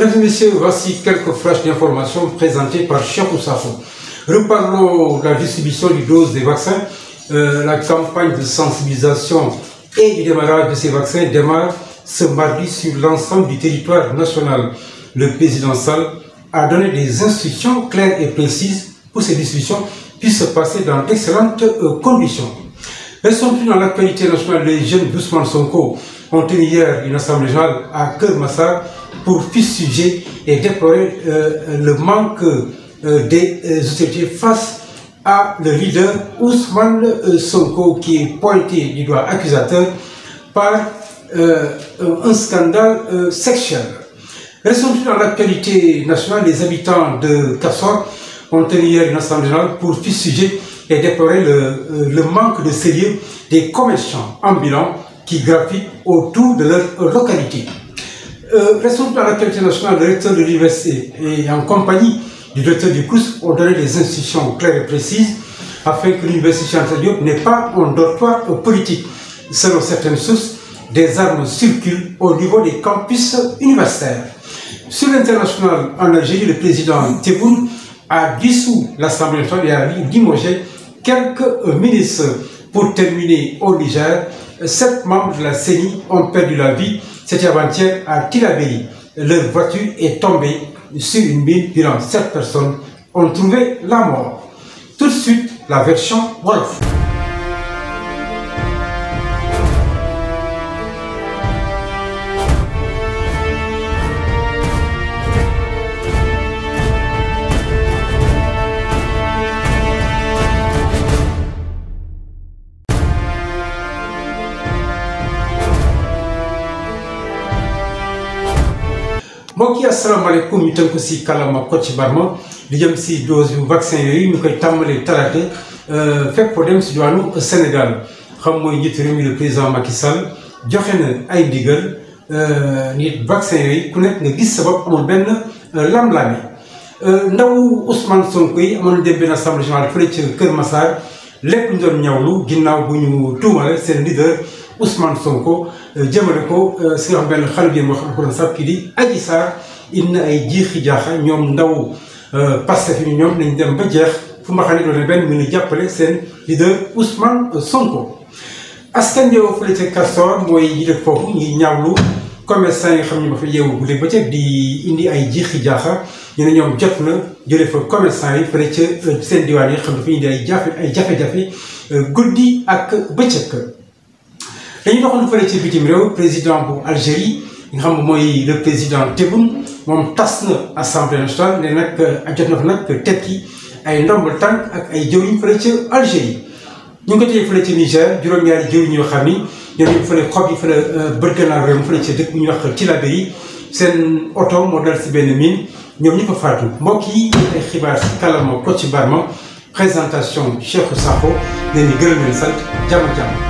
Mesdames et messieurs, voici quelques flashs d'informations présentées par Cheikh Oussafou. Reparlons de la distribution des doses des vaccins. Euh, la campagne de sensibilisation et du démarrage de ces vaccins démarre ce mardi sur l'ensemble du territoire national. Le président a donné des instructions claires et précises pour ces distributions puissent se passer dans d'excellentes euh, conditions. l'actualité nationale, les jeunes d'Ousmane Sonko ont tenu pour fissiger et déplorer euh, le manque euh, des sociétés euh, face à le leader Ousmane euh, Sonko qui est pointé du doigt accusateur par euh, un scandale sexuel. Restons dans l'actualité nationale, les habitants de Kassor ont tenu hier une assemblée générale pour fissiger et déplorer le, manque de sérieux des commerçants ambulants qui gravitent autour de leur localité. raison pour laquelle national, de l'université et en compagnie du directeur du CRUS ont donné des instructions claires et précises afin que l'université Chantal n'est pas un dortoir politique. Selon certaines sources, des armes circulent au niveau des campus universitaires. Sur l'international, en Algérie, le président Tebboune a dissous l'Assemblée nationale et a limogé quelques ministres. Pour terminer au Niger, Sept membres de la série ont perdu la vie cette avant-hier à Tirabéry. Leur voiture est tombée sur une mine durant sept ont trouvé la mort. Tout de suite, la version Wolof. mbokk yi asalaamaaleykum ñu tënk si kàllaama Kocc Barma di jëm si dose yu vaccin yooyu ñu koy tàmbalee talaata euh, fekk ko dem si diwaanu Sénégal xam mooy njiitu réew mi le président Macky Sall joxe na ay ndigal euh, nit vaccin yooyu ku nekk nga gis sa bopp amoon benn euh, lam-lami ndaw Ousmane Sonko yi amoon dem benn assemblée générale fële ca Kër Massar lépp ñu doon ñawlu ginnaaw bu ñu tuumale seen leader. Ousmane Sonko euh, jëmale ko si nga xam benn xale bi moo xam ko doon sàpp kii di Adji Sarr indi na ay jiixi jaaxa ñoom ndaw euh, Pastef yi ñoom nañ dem ba jeex fu ma xam ne doon benn mën a jàppale seen leader Ousmane euh, Sonko. askan yow fële ca Castor mooy yi def foofu ngi ñaawlu commerçant xam ne ba fa yeewu ba ca di indi ay jiixi jaaxa ñu ne ñoom jot na jëlee fa commerçant yi fële ca seen diwaan yi xam dafa indi ay jafe ay jafe guddi ak bëccëg. dañuy doxoon fële ci bitim réew président bu Algérie nga xam mooy le président Tebboune moom tas na assemblée nationale ne nag jot na fa nag tekki ay ndombal tànk ak ay jëwriñ fële ci Algérie ñu ngi ko téye fële ci Niger juróom-ñaari jëwriñ yoo xam ni ñoom ñu fële xob yi fële euh, bërgënaa réew mi fële ci dëkk bu ñuy wax Tillabéri seen oto moo dal si benn mine ñoom ñu ko faatu mbokk yi ay xibaar si kàllaama ko ci barma présentation Cheikhou Sakho leen di